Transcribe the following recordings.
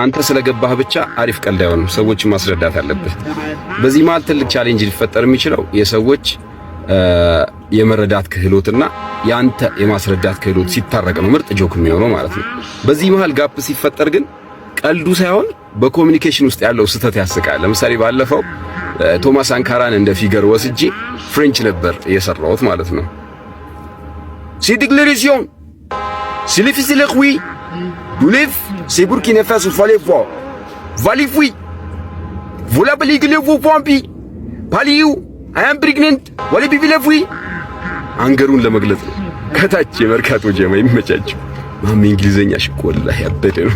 አንተ ስለገባህ ብቻ አሪፍ ቀልድ አይሆንም። ሰዎችን ማስረዳት አለብህ። በዚህ መሀል ትልቅ ቻሌንጅ ሊፈጠር የሚችለው የሰዎች የመረዳት ክህሎትና ያንተ የማስረዳት ክህሎት ሲታረቅ ነው ምርጥ ጆክ የሚሆነው ማለት ነው። በዚህ መሀል ጋፕ ሲፈጠር ግን ቀልዱ ሳይሆን በኮሚኒኬሽን ውስጥ ያለው ስህተት ያስቃል። ለምሳሌ ባለፈው ቶማስ አንካራን እንደ ፊገር ወስጄ ፍሬንች ነበር የሰራሁት ማለት ነው ሲዲግሌሪሲዮን ሲሊፊሲለቅዊ Nous, c'est pour qu'il ne fasse pas l'effort. Vali fui. Voilà pour qu'il vous pompe. Pali ou, un pregnant. Voilà pour qu'il fui. አንገሩን ለመግለጽ ነው። ከታች የመርካቶ ጀማ ይመቻችሁ። ማሜ እንግሊዘኛሽ እኮ ወላሂ ያበደ ነው።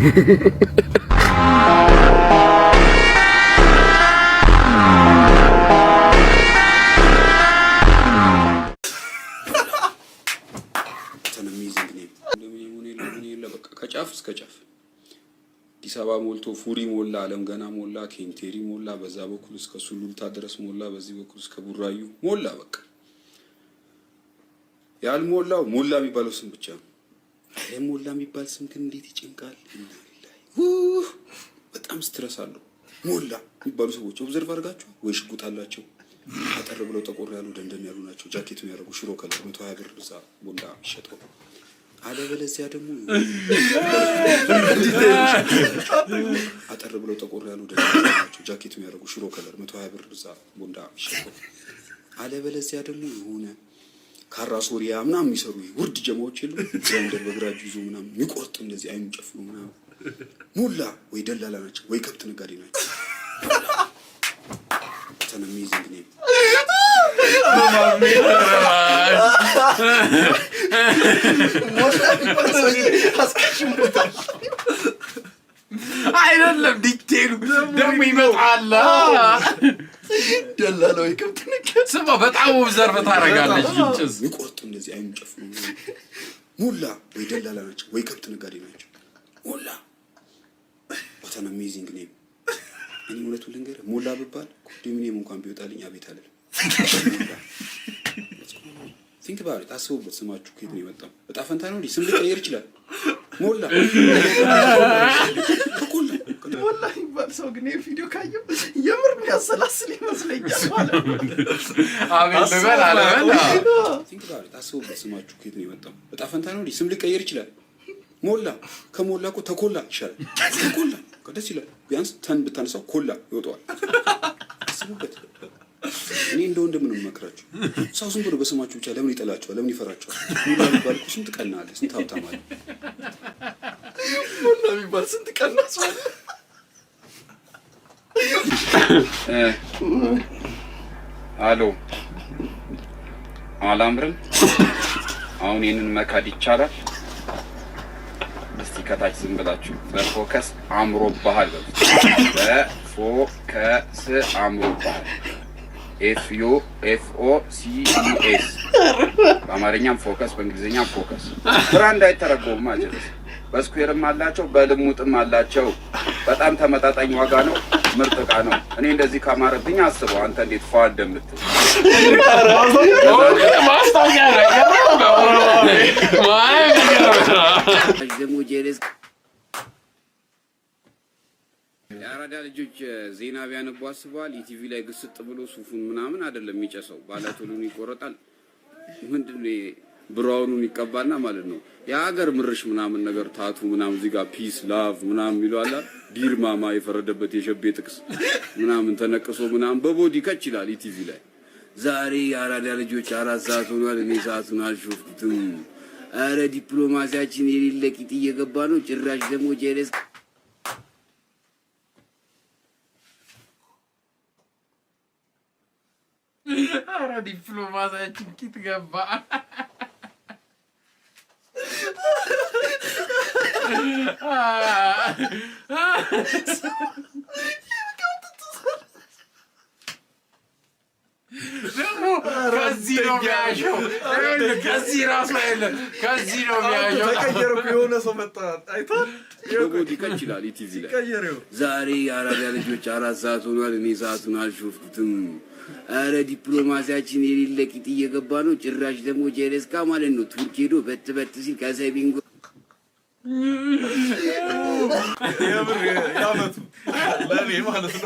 ጫፍ እስከ ጫፍ አዲስ አበባ ሞልቶ ፉሪ ሞላ፣ አለም ገና ሞላ፣ ኬንቴሪ ሞላ፣ በዛ በኩል እስከ ሱሉልታ ድረስ ሞላ፣ በዚህ በኩል እስከ ቡራዩ ሞላ። በቃ ያልሞላው ሞላ የሚባለው ስም ብቻ ነው። አይ ሞላ የሚባል ስም ግን እንዴት ይጭንቃል! በጣም ስትረስ አለው። ሞላ የሚባሉ ሰዎች ኦብዘርቭ አድርጋችሁ ወይ ሽጉጥ አላቸው አጠር ብለው ጠቆር ያሉ ደንደን ያሉ ናቸው። ጃኬት ያደረጉ ሽሮ ከለ መቶ ሀያ ብር ዛ ቦንዳ ይሸጠው አለበለዚያ ደግሞ አጠር ብለው ጠቆር ያሉ ደቸው ጃኬት የሚያደርጉ ሽሮ ከለር መቶ ሀያ ብር እዛ ቦንዳ ሚሸጠው። አለበለዚያ ደግሞ የሆነ ካራ ሶሪያ ምናምን የሚሰሩ ውርድ ጀማዎች የሉ ዘንደ በግራጁ ይዞ ምናምን የሚቆርጥ እንደዚህ አይኑ ጨፍኑ ምናምን ሙላ ወይ ደላላ ናቸው ወይ ከብት ነጋዴ ናቸው። ተነሚዝ ግኔ አይደለም ዲቴሉ ደግሞ ይመጣል። ደላላው የከብት ንግድ ስማ፣ በጣም ውብ ዘርፍ ታደርጋለች። ጭስ ይቆርጡ እንደዚህ አይንጨፍ ሙላ ወይ ደላላ ናቸው ወይ ከብት ነጋዴ ናቸው። ሙላ በጣም አሜዚንግ ኔም። እኔ እውነቱን ልንገርህ፣ ሙላ ብባል ኮንዶሚኒየም እንኳን ቢወጣልኝ አቤት አለልም። ቲንክ ባሪ ታስቡበት። ስማችሁ ከየት ነው የመጣው? እጣ ፈንታ ነው። ስም ሊቀየር ይችላል። ሞላ ተቆላ ይባል ሰው ግን ይህ ቪዲዮ ካየው የምር የሚያሰላስል ይመስለኛል ማለት ነው። ቲንክ ባሪ ታስቡበት። ስማችሁ ከየት ነው የመጣው? እጣ ፈንታ ነው። ስም ሊቀየር ይችላል። ሞላ ከሞላ እኮ ተኮላ ይሻላል። ተኮላ ደስ ይላል። ቢያንስ ተን ብታነሳው ኮላ ይወጣዋል። አስቡበት። እኔ እንደ ወንድም ነው የምመክራቸው። ሰው ዝም ብሎ በስማችሁ ብቻ ለምን ይጠላቸዋል? ለምን ይፈራቸዋል? ሙላ የሚባል እኮ ስንት ቀና አለ፣ ስንት ሀብታም አለ። ሙላ የሚባል ስንት ቀና ሰው አለ። አሎ አላምርም። አሁን ይህንን መካድ ይቻላል? እስቲ ከታች ዝም ብላችሁ በፎከስ አምሮ ባህል በፎከስ አምሮ ባህል ኤፍዮ ኤፍኦ ሲዩኤስ በአማርኛም ፎከስ በእንግሊዝኛም ፎከስ ስራ እንዳይተረጎም ማጀለስ በስኩዌርም አላቸው በልሙጥም አላቸው። በጣም ተመጣጣኝ ዋጋ ነው። ምርጥ እቃ ነው። እኔ እንደዚህ ካማረብኝ አስበው አንተ እንዴት ፏ እንደምትል ማስታወቂያ ነው። የአራዳ ልጆች ዜና ቢያነቡ አስበዋል። ኢቲቪ ላይ ግስጥ ብሎ ሱፉን ምናምን አይደለም የሚጨሰው፣ ባላቶሉን ይቆረጣል። ምንድን ብራውኑን ይቀባና ማለት ነው የሀገር ምርሽ ምናምን ነገር ታቱ ምናምን እዚህ ጋር ፒስ ላቭ ምናምን ይለዋላ ዲር ማማ የፈረደበት የሸቤ ጥቅስ ምናምን ተነቅሶ ምናምን በቦዲ ከች ይላል። ኢቲቪ ላይ ዛሬ የአራዳ ልጆች አራት ሰዓት ሆኗል። እኔ ሰዓቱን አልሾፍኩትም። አረ ዲፕሎማሲያችን የሌለ ቂጥ እየገባ ነው። ጭራሽ ደግሞ ጀለስ Era diplomada de Chiquito Gambá. ah. ከዚህ ነው የሚያሸው። ከዚህ ራሱ ያለ ከዚህ ነው የሚያሸው። ተቀየርኩ የሆነ ሰው መጣ አይቷል። ሸጎጥ ይቀጭላል ይትዝ ዛሬ የአራቢያ ልጆች አራት ሰዓት ሆኗል። እኔ ሰዓቱን አልሾፍኩትም። አረ ዲፕሎማሲያችን የሌለ ቂጥ እየገባ ነው። ጭራሽ ደግሞ ጀሬስካ ማለት ነው ቱርክ ሄዶ በት በት ሲል ከሰቢንጎ የምር የአመቱ ለእኔ ማለት ነው።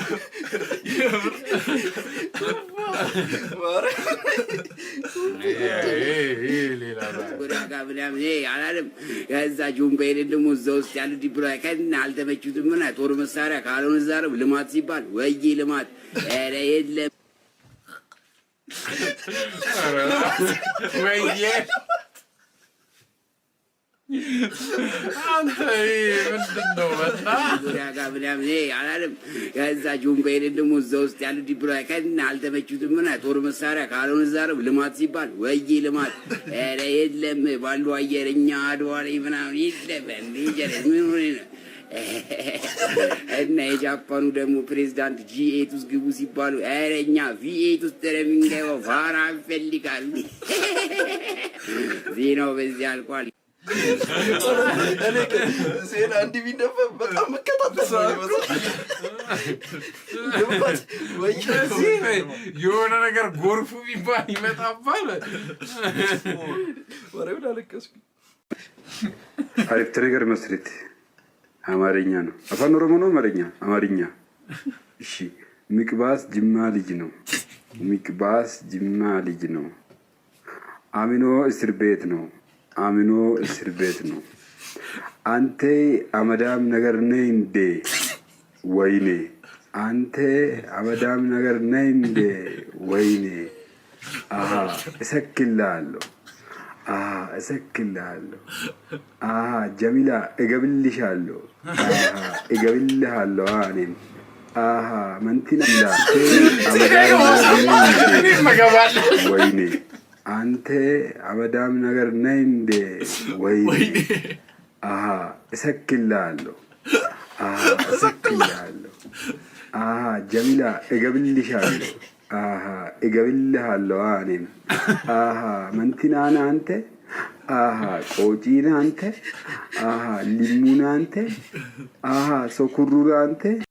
አላለም። ከዛ ጁምባ ደግሞ እዛ ውስጥ ያሉ ዲብሎ ከና አልተመቹትም። ምን ጦር መሳሪያ ካልሆነ እዛ ነው ልማት ሲባል ወይዬ ልማት ኧረ የለም ምንድን ነው አላለም። ከዛችሁም ከሄደን መሳሪያ ካልሆነ ልማት ሲባል ወይ ልማት የለም ባሉ አየረኛ አድዋ ላይ የጃፓኑ ደግሞ ፕሬዚዳንት ጂኤት ውስጥ ግቡ ሲባሉ ኧረ እኛ ቪኤት ውስጥ ነው ፋራ እንፈልጋለን። ዜናው በዚህ አልቋል። ዜና እንዲህ ቢደፈ በጣም መከታተል የሆነ ነገር ጎርፉ የሚባል ይመጣባል። ወሬውን አለቀስኩኝ። አሪፍ ትሪገር መስሪት አማርኛ ነው። አፋን ኦሮሞ ነው አማርኛ አማርኛ። እሺ ሚቅባስ ጅማ ልጅ ነው። ሚቅባስ ጅማ ልጅ ነው። አሚኖ እስር ቤት ነው። አሚኖ እስር ቤት ነው። አንተ አመዳም ነገር ነህ እንዴ? ወይኔ አንተ አመዳም ነገር ነህ እንዴ? ወይኔ አሃ እሰክልሃለሁ፣ አሃ እሰክልሃለሁ፣ አሃ ጀሚላ እገብልሻለሁ፣ እገብልሃለሁ እኔም አሃ መንቲላ ወይኔ አንተ አበዳም ነገር ነህ እንዴ? ወይ አሀ እሰክልሃለሁ፣ እሰክልሃለሁ፣ አሀ ጀሚላ እገብልሻለሁ፣ አሀ እገብልሃለሁ፣ እኔም አሀ መንቲናና አንተ አሀ ቆጪን አንተ አሀ ሊሙን አንተ አሀ ሶኩሩና አንተ